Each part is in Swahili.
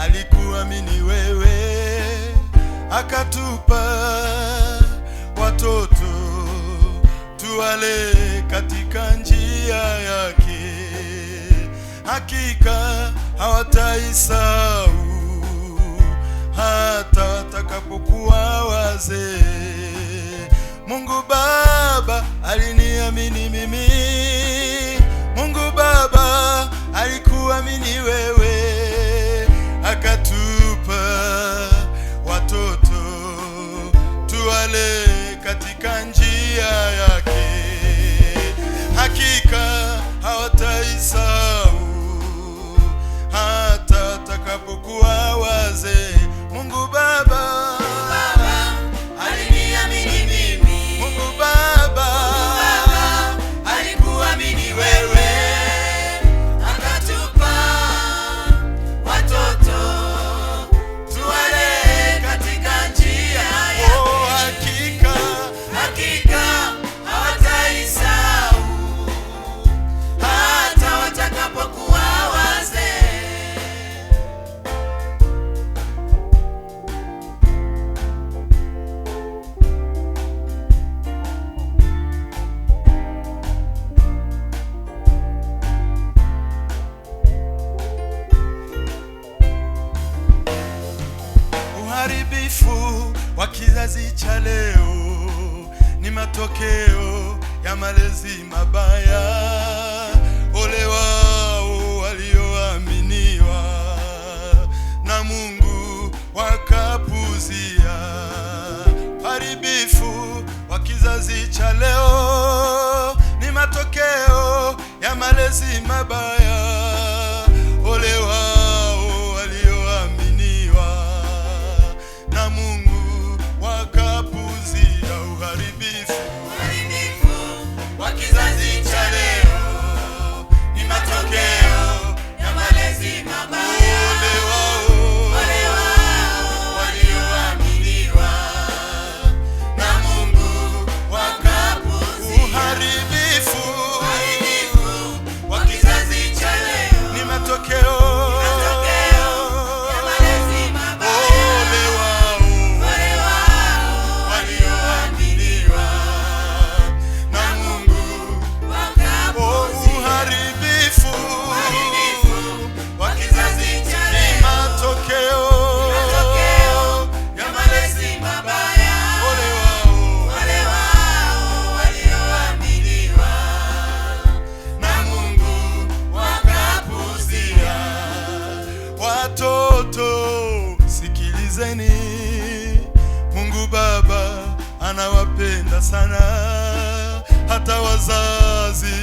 alikuamini wewe, akatupa watoto tuwale katika njia yake, hakika hawataisau hata watakapokuwa wazee. Mungu ba leo ni matokeo ya malezi mabaya. Ole wao walioaminiwa na Mungu wakapuzia. Haribifu wa kizazi cha leo ni matokeo ya malezi mabaya. Watoto sikilizeni, Mungu Baba anawapenda sana, hata wazazi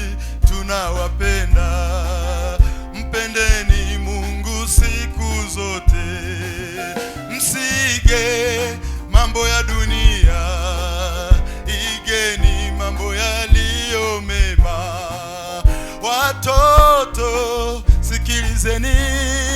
tunawapenda. Mpendeni Mungu siku zote, msige mambo ya dunia, igeni mambo yaliyo mema. Watoto sikilizeni